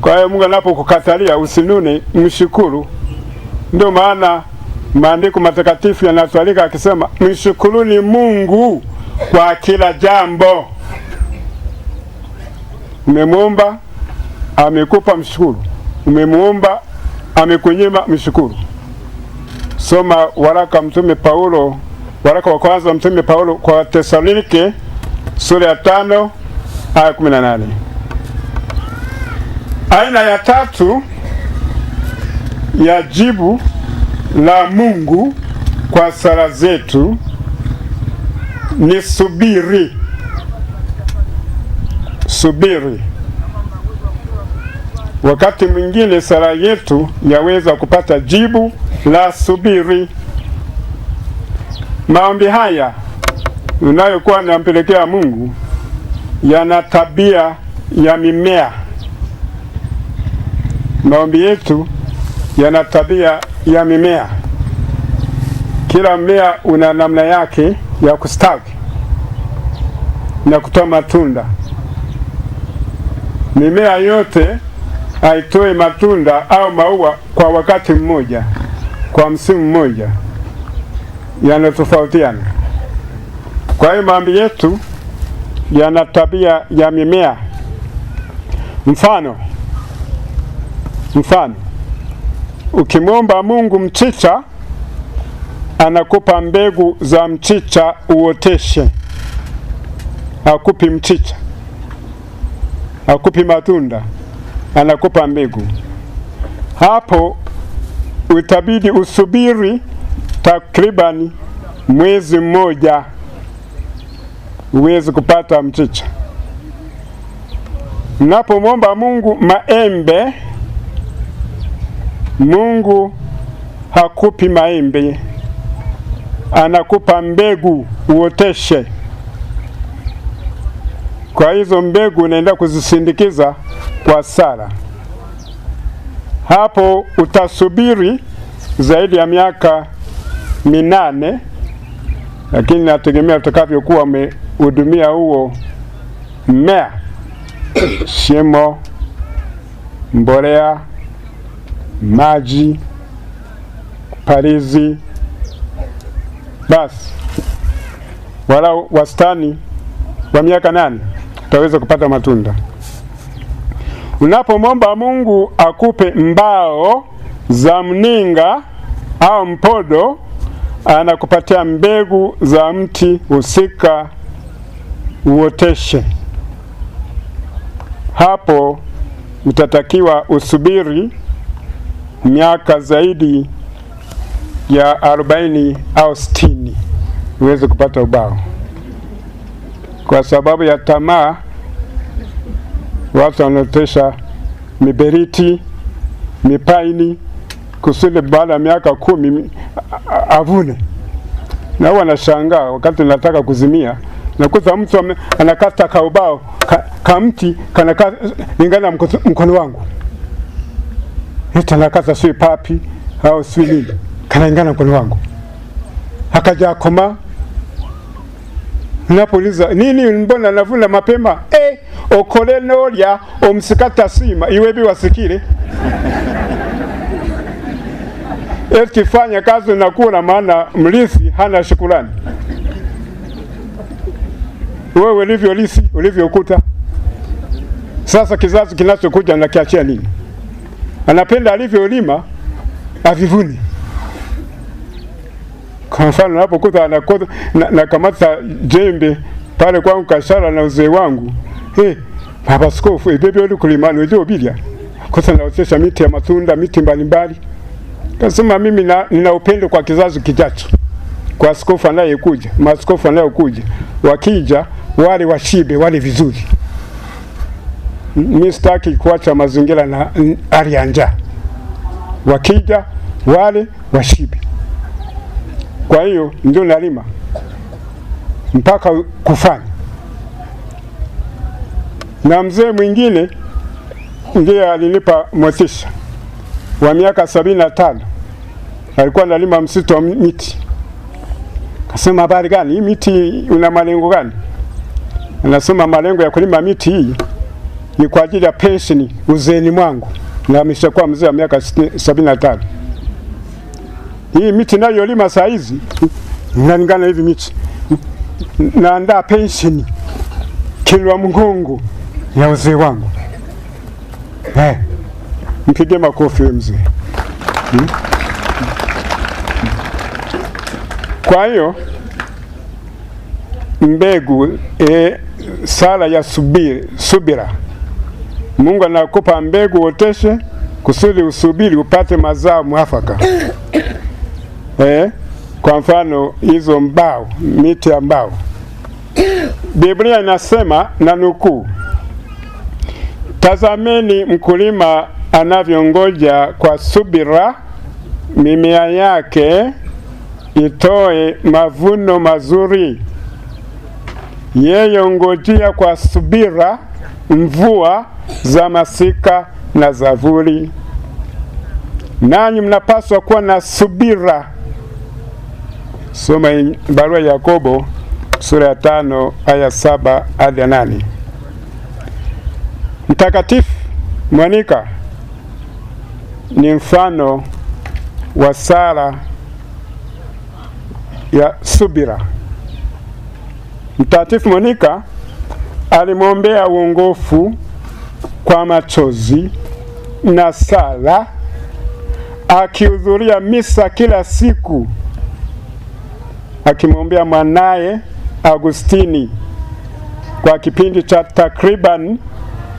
Kwa hiyo Mungu anapokukatalia usinuni, mshukuru. Ndio maana maandiko matakatifu yanatualika akisema, mshukuruni Mungu kwa kila jambo. Umemuomba amekupa, mshukuru. Umemuomba amekunyima, mshukuru. Soma waraka mtume Paulo, waraka wa kwanza mtume Paulo kwa Tesalonike sura ya tano aya kumi na nane. Aina ya tatu ya jibu la Mungu kwa sala zetu ni subiri. Subiri. Wakati mwingine sala yetu yaweza kupata jibu la subiri. Maombi haya unayokuwa nampelekea Mungu yana tabia ya mimea. Maombi yetu yana tabia ya mimea. Kila mmea una namna yake ya kustawi na kutoa matunda. Mimea yote haitoi matunda au maua kwa wakati mmoja, kwa msimu mmoja, yanatofautiana. Kwa hiyo maombi yetu yana tabia ya mimea. Mfano, Mfano, ukimwomba Mungu mchicha anakupa mbegu za mchicha uoteshe, akupi mchicha, akupi matunda, anakupa mbegu. Hapo utabidi usubiri takribani mwezi mmoja uweze kupata mchicha. napomwomba Mungu maembe Mungu hakupi maembe, anakupa mbegu uoteshe. Kwa hizo mbegu unaenda kuzisindikiza kwa sala. Hapo utasubiri zaidi ya miaka minane, lakini nategemea utakavyokuwa umehudumia huo mmea shimo, mbolea maji, palizi, basi walau wastani wa miaka nane utaweza kupata matunda. Unapomwomba Mungu akupe mbao za mninga au mpodo, anakupatia mbegu za mti husika uoteshe. Hapo utatakiwa usubiri miaka zaidi ya arobaini au sitini uweze kupata ubao. Kwa sababu ya tamaa, watu wanaotesha miberiti, mipaini kusudi baada ya miaka kumi avune, na wanashangaa wakati nataka kuzimia nakuta mtu anakata kaubao ka, ka mti kanaka lingana mkono wangu hii tanakaza sui papi au sui nini, kanaingana mkono wangu. Akaja akoma, napouliza nini, mbona navuna mapema eh, okole nolya omsikata sima iwebi wasikile eti fanya kazi nakula, maana mlisi hana shukurani. Wewe ulivyolisi ulivyokuta, sasa kizazi kinachokuja na kiachia nini? anapenda alivyolima avivuni. Kwa mfano napokuta anakosa na, na jembe pale kwangu Kashara na uzee wangu hey, baba askofu ibebe eh, uli kulima ndio bilia kosa naotesha miti ya matunda miti mbalimbali. Kasema mimi na, nina upendo kwa kizazi kijacho, kwa askofu anayekuja, maaskofu anayokuja, wakija wale washibe wale vizuri mimi sitaki kuacha mazingira na hali ya njaa, wakija wale washibe. Kwa hiyo ndio nalima mpaka kufanya na mzee mwingine ndiye alinipa motisha wa miaka sabini na tano. Alikuwa nalima msitu wa miti, kasema habari gani hii miti, una malengo gani? Anasema malengo ya kulima miti hii ni kwa ajili ya pensheni uzeeni mwangu, na ameshakuwa mzee wa miaka sabini na tano. Hii miti nayolima saa hizi nalingana hivi miti, naandaa pensheni kilwa mgongo ya uzee wangu. Eh, mpige makofi we mzee hmm? Kwa hiyo mbegu e, sala ya subira, subira Mungu anakupa mbegu uoteshe kusudi usubiri upate mazao mwafaka. Eh, kwa mfano hizo mbao, miti ya mbao, Biblia inasema na nukuu, tazameni mkulima anavyongoja kwa subira mimea yake itoe mavuno mazuri. Yeye ngojia kwa subira mvua za masika na zavuli, Nanyi mnapaswa kuwa na subira. Soma barua ya Yakobo sura ya tano aya saba hadi nane. Mtakatifu mwanika ni mfano wa sala ya subira. Mtakatifu mwanika alimwombea uongofu kwa machozi na sala, akihudhuria misa kila siku akimwombea mwanaye Agustini kwa kipindi cha takriban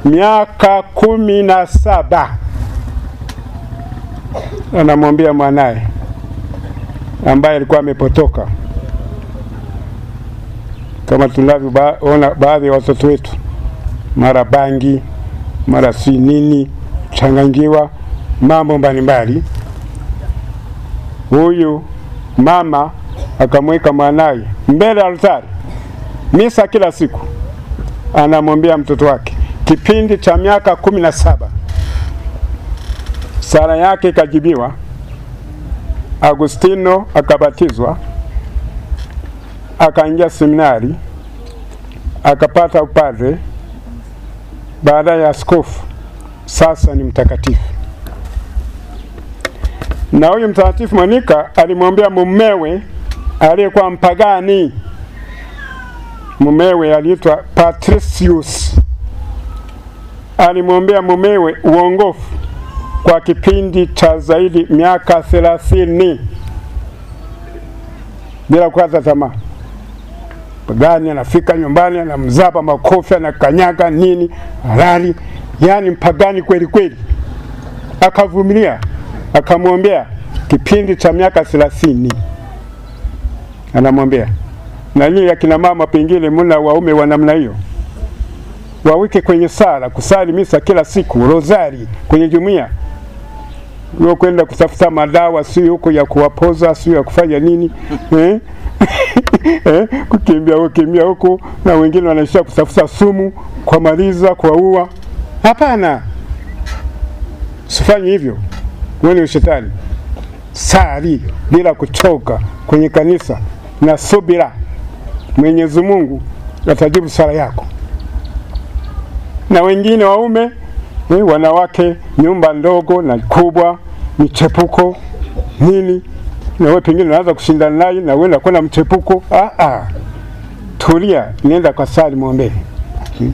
miaka kumi na saba anamwombea mwanaye ambaye alikuwa amepotoka kama tunavyoona baadhi ya watoto wetu mara bangi mara si nini changanjiwa mambo mbalimbali. Huyu mama akamweka mwanaye mbele altari misa kila siku, anamwambia mtoto wake kipindi cha miaka kumi na saba sala yake ikajibiwa, Agustino akabatizwa akaingia seminari akapata upadre, baada ya askofu, sasa ni mtakatifu. Na huyu mtakatifu Monika alimwambia mumewe aliyekuwa mpagani, mumewe aliitwa Patricius, alimwombea mumewe uongofu kwa kipindi cha zaidi miaka thelathini bila kukata tamaa gani anafika nyumbani anamzapa makofi anakanyaka nini halali, yani mpagani kweli kweli. Akavumilia akamwombea kipindi cha miaka thelathini, anamwombea na nyinyi akina mama pengine muna waume wa namna hiyo, wawike kwenye sala, kusali misa kila siku, rozari kwenye jumuiya no kwenda kutafuta madawa sio huko ya kuwapoza sio ya kufanya nini eh? eh? kukimbia kukimbia huko, na wengine wanaishia kutafuta sumu kwa maliza kwa ua. Hapana, sifanye hivyo, wewe ni shetani. Sali bila kuchoka kwenye kanisa na subira, Mwenyezi Mungu atajibu sala yako. Na wengine waume ni wanawake, nyumba ndogo na kubwa, michepuko nini, na wewe pengine unaanza kushindana naye na wewe unakuwa na mchepuko. Ah, ah, tulia, nenda kwa sali, muombe. Hmm.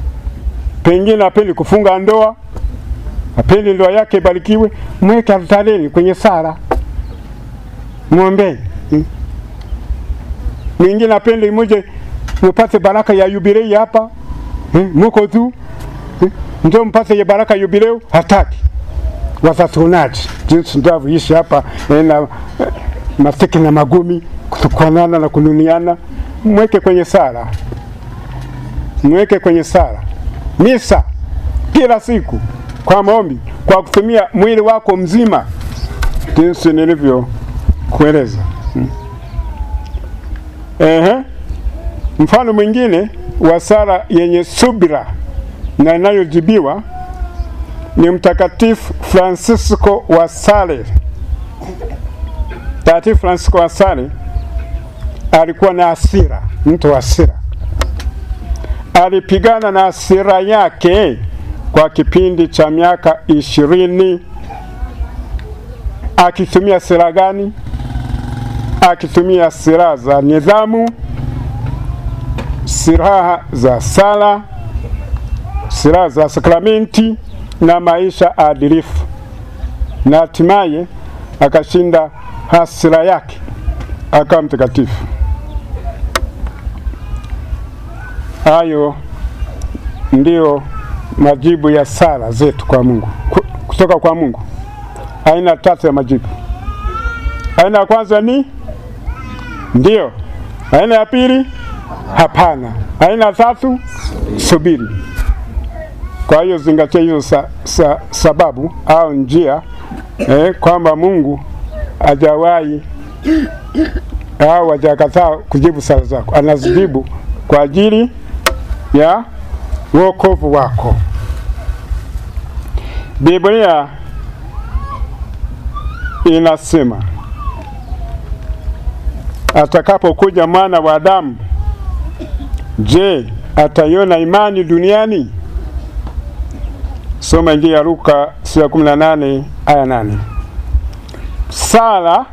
Pengine apendi kufunga ndoa, apendi ndoa yake ibarikiwe mweke altareni kwenye sala, muombe. Hmm. Mwingine apendi muje mupate baraka ya yubilei hapa, hmm, muko tu hmm ndio mpate ya baraka yubileo hataki wazatunaji jinsi ndavyoishi hapa eh, na eh, mafiki na magumi kutukanana na kununiana, mweke kwenye sala, mweke kwenye sala, misa kila siku, kwa maombi, kwa kutumia mwili wako mzima, jinsi nilivyo kueleza. Hmm. Ehe, mfano mwingine wa sala yenye subira na inayojibiwa ni Mtakatifu Francisco wa Sale. Mtakatifu Francisco wa Sale alikuwa na hasira, mtu wa hasira. Alipigana na hasira yake kwa kipindi cha miaka ishirini. Akitumia silaha gani? Akitumia silaha za nidhamu, silaha za sala silaha za sakramenti na maisha adilifu, na hatimaye akashinda hasira yake akawa mtakatifu. Hayo ndiyo majibu ya sala zetu kwa Mungu, kutoka kwa Mungu. Aina tatu ya majibu. Aina ya kwanza ni ndiyo, aina ya pili hapana, aina ya tatu subiri. Kwa hiyo zingatia hizo sa, sa, sababu au njia eh, kwamba Mungu ajawahi au ajakataa kujibu sala zako, anazijibu kwa ajili ya wokovu wako. Biblia inasema atakapokuja mwana wa Adamu, je, ataiona imani duniani? Soma Injili ya Luka sura ya aya nane. Sala,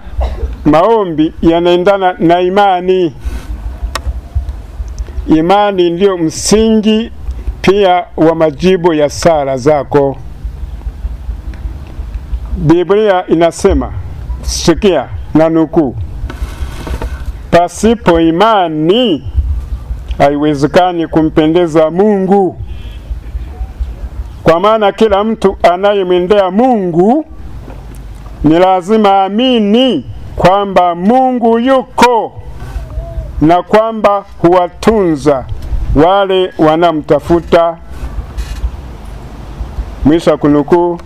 maombi yanaendana na imani. Imani ndiyo msingi pia wa majibu ya sala zako. Biblia inasema, sikia na nukuu, pasipo imani haiwezekani kumpendeza Mungu. Kwa maana kila mtu anayemwendea Mungu ni lazima amini kwamba Mungu yuko na kwamba huwatunza wale wanamtafuta. Mwisho wa kunukuu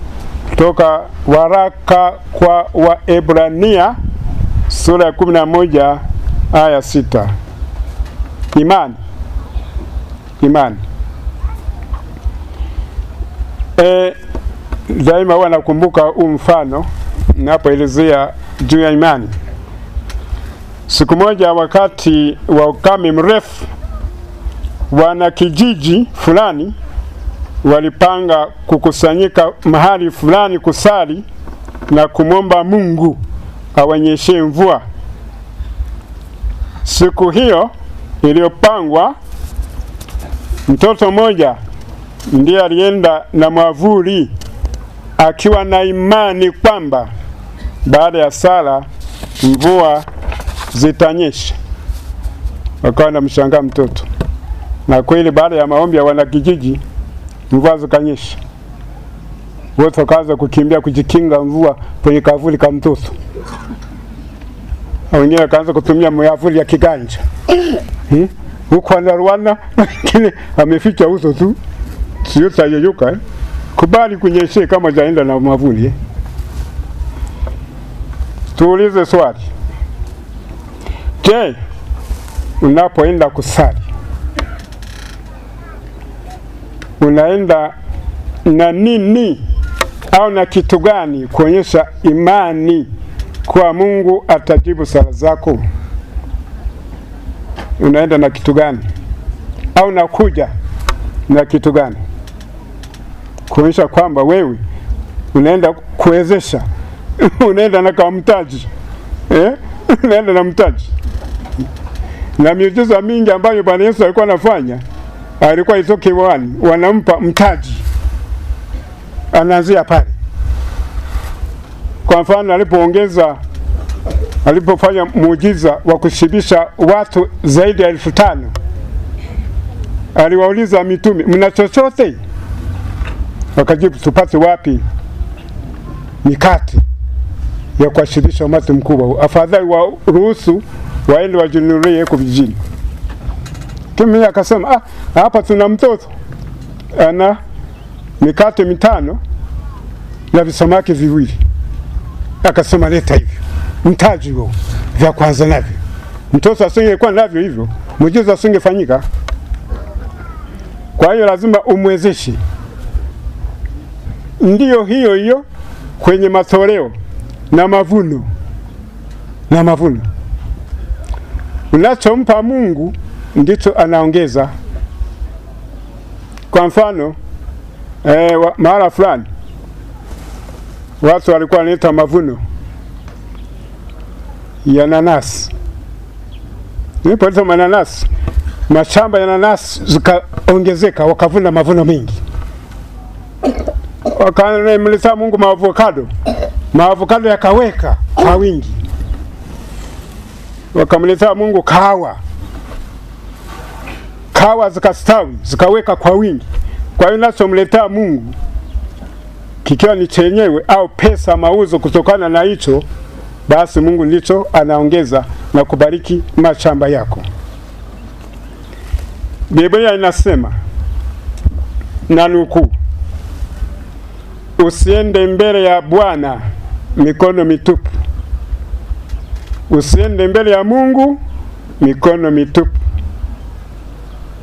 kutoka waraka kwa Waebrania sura ya 11 aya 6. Imani, imani E, daima huwa nakumbuka huu mfano ninapoelezea juu ya imani. Siku moja wakati wa ukame mrefu, wana kijiji fulani walipanga kukusanyika mahali fulani kusali na kumwomba Mungu awanyeshe mvua. Siku hiyo iliyopangwa, mtoto mmoja ndiye alienda na mwavuli akiwa na imani kwamba baada ya sala mvua zitanyesha. Wakawa mshangaa mtoto, na kweli baada ya maombi ya wanakijiji mvua zikanyesha, wote wakaanza kukimbia kujikinga mvua kwenye kavuli ka mtoto, wengine wakaanza kutumia myavuli ya kiganja huku hmm? Wanaruana wengine wameficha uso tu sio tayeyuka eh? Kubali kunyeshe kama jaenda na mavuni eh? Tuulize swali. Je, unapoenda kusali unaenda na nini au na kitu gani kuonyesha imani kwa Mungu atajibu sala zako? Unaenda na kitu gani au nakuja na kitu gani? kuonyesha kwamba wewe unaenda kuwezesha unaenda na kamtaji mtaji eh? unaenda na mtaji. Na miujiza mingi ambayo Bwana Yesu alikuwa anafanya alikuwa itoke wani, wanampa mtaji, anaanzia pale. Kwa mfano alipoongeza, alipofanya muujiza wa kushibisha watu zaidi ya elfu tano aliwauliza mitume, mna chochote? wakajibu tupate wapi mikati ya kuwashirisha umati mkubwa, afadhali wa ruhusu waende wajinunulie huko vijijini. Mimi akasema ah, hapa tuna mtoto ana mikate mitano na visamaki viwili. Akasema leta hivyo, mtaji huo, vya kwanza navyo. Mtoto asingekuwa navyo hivyo, mujiza asingefanyika. Kwa hiyo lazima umwezeshe ndiyo hiyo hiyo kwenye matoleo na mavuno na mavuno. Unachompa Mungu ndicho anaongeza. Kwa mfano eh, wa, mahala fulani watu walikuwa wanaita mavuno ya nanasi. Nilipoleta mananasi, mashamba ya nanasi zikaongezeka, wakavuna mavuno mengi wakamletea Mungu maavokado, maavokado yakaweka kwa wingi, wakamletea Mungu kawa, kawa zikastawi zikaweka kwa wingi. Kwa hiyo nachomletea Mungu kikiwa ni chenyewe au pesa mauzo, kutokana na hicho basi Mungu ndicho anaongeza na kubariki mashamba yako. Biblia inasema na nukuu Usiende mbele ya Bwana mikono mitupu, usiende mbele ya Mungu mikono mitupu.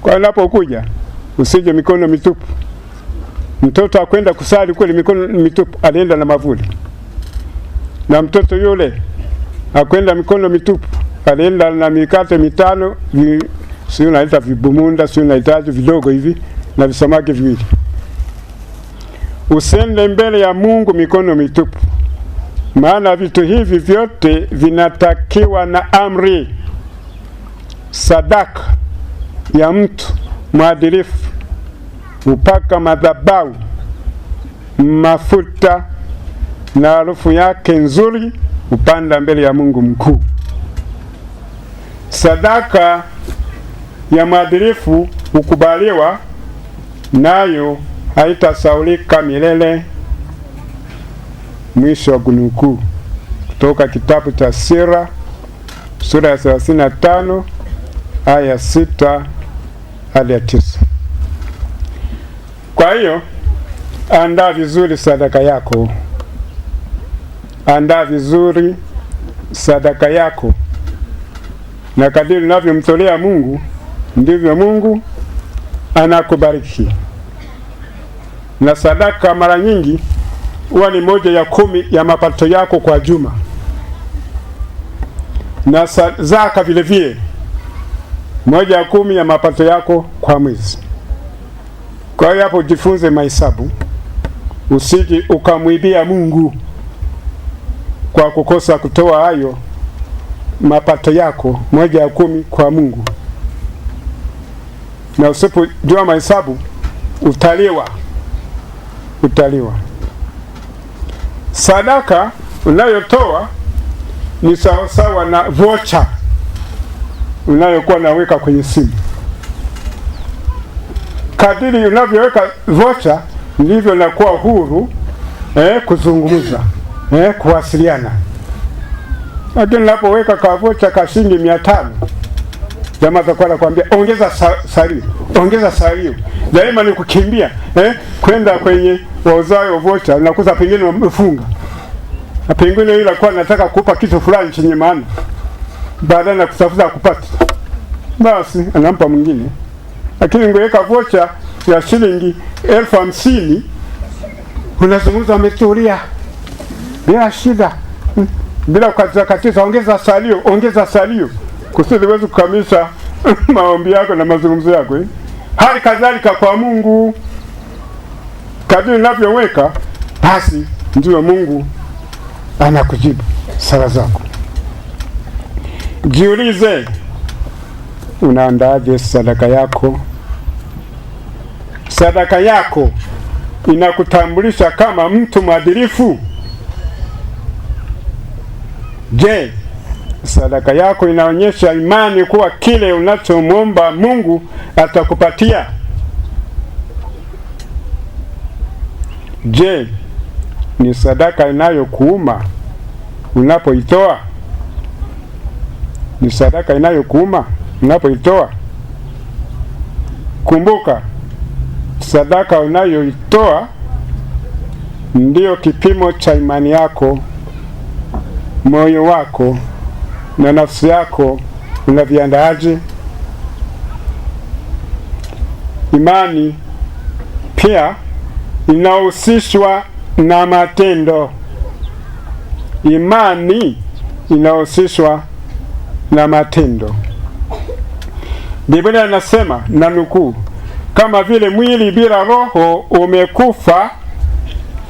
Kwa unapokuja usije mikono mitupu. Mtoto akwenda kusali kweli mikono mitupu, alienda na mavuli, na mtoto yule akwenda mikono mitupu, alienda na mikate mitano vi, sio naita vibumunda, si nahitaji vidogo hivi na visamaki viwili usende mbele ya Mungu mikono mitupu, maana vitu hivi vyote vinatakiwa na amri. Sadaka ya mtu mwadilifu, upaka madhabahu, mafuta na harufu yake nzuri upanda mbele ya Mungu mkuu. Sadaka ya mwadilifu hukubaliwa nayo haitasaulika milele. Mwisho wa kunukuu kutoka kitabu cha Sira sura ya 35 aya 6 hadi ya 9. Kwa hiyo andaa vizuri sadaka yako, andaa vizuri sadaka yako, na kadiri unavyomtolea Mungu ndivyo Mungu anakubariki na sadaka mara nyingi huwa ni moja ya kumi ya mapato yako kwa juma, na zaka vile vile moja ya kumi ya mapato yako kwa mwezi. Kwa hiyo hapo jifunze mahesabu, usiji ukamwibia Mungu kwa kukosa kutoa hayo mapato yako moja ya kumi kwa Mungu, na usipojua mahesabu utaliwa kutaliwa. Sadaka unayotoa ni sawasawa na vocha unayokuwa naweka kwenye simu. Kadiri unavyoweka vocha ndivyo nakuwa huru eh, kuzungumza eh, kuwasiliana. Lakini unapoweka vocha ka shilingi mia tano jamaa atakuwa anakuambia ongeza salio, ongeza salio, daima ni kukimbia eh, kwenda kwenye wauzayo vocha, unakuta pengine wamefunga na pengine yule alikuwa anataka kupa kitu fulani chenye maana, baadaye na kutafuta kupata, basi anampa mwingine. Lakini ngeweka vocha ya shilingi elfu hamsini unazungumza ametulia bila shida, bila kukatiza katiza, ongeza salio, ongeza salio kusudi uweze kukamilisha maombi yako na mazungumzo yako eh? Hali kadhalika kwa Mungu kadiri ninavyoweka basi ndiyo Mungu anakujibu sala zako. Jiulize, unaandaje sadaka yako? Sadaka yako inakutambulisha kama mtu mwadilifu? Je, sadaka yako inaonyesha imani kuwa kile unachomwomba Mungu atakupatia? Je, ni sadaka inayokuuma unapoitoa? Ni sadaka inayokuuma unapoitoa? Kumbuka, sadaka unayoitoa ndiyo kipimo cha imani yako, moyo wako na nafsi yako unaviandaaje. Imani pia inahusishwa na matendo, imani inahusishwa na matendo. Biblia inasema na nukuu, kama vile mwili bila roho umekufa,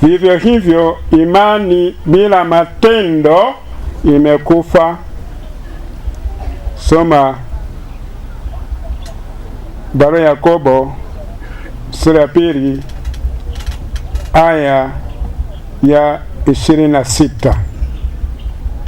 vivyo hivyo imani bila matendo imekufa. Soma barua ya Yakobo sura ya pili aya ya na 26